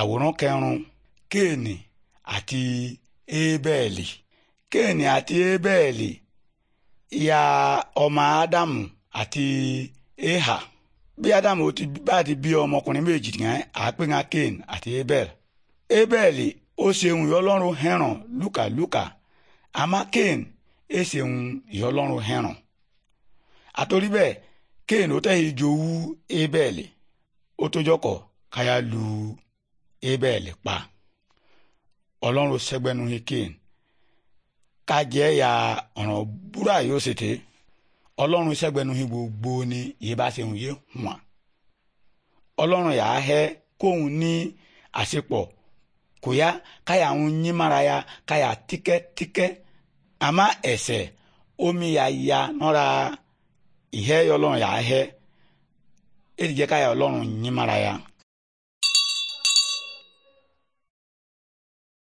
àwòrán kẹrùn kéènì àti ébẹ́ẹ̀lì kéènì àti ébẹ́ẹ̀lì ìyá ọmọ ádámù àti eha bí ádámù ti bá ti bí ọmọkùnrin méjì yẹn àápéńgá kéènì àti ébẹ́ẹ̀lì ébẹ́ẹ̀lì ó ṣeun ìyọlọ́run hẹ̀ràn lúkàlúkà àmọ́ kéènì é ṣeun ìyọlọ́run hẹ̀ràn àtòrí bẹ́ẹ̀ kéènì ó tẹ̀ ìjòwú ébẹ́ẹ̀lì ó tó jọkọ̀ káyà lu Abel pa ọlọ́run sẹ́gbẹ́nu hikin kájẹ́ ya ọ̀ràn búra yóò ṣe tẹ́ ọlọ́run sẹ́gbẹ́nu hin gbogbo ni yìí bá ṣe hùn yé hùn à ọlọ́run yà á hẹ́ kóun ní àṣepọ̀ kò yá káyà ń yín mára ya káyà tíkẹ́tíkẹ́ àmá ẹ̀sẹ̀ omi yà ya nọ́ra ìhẹ́ ọlọ́run yà á hẹ́ èdìjẹ́ káyà ọlọ́run yín mára ya.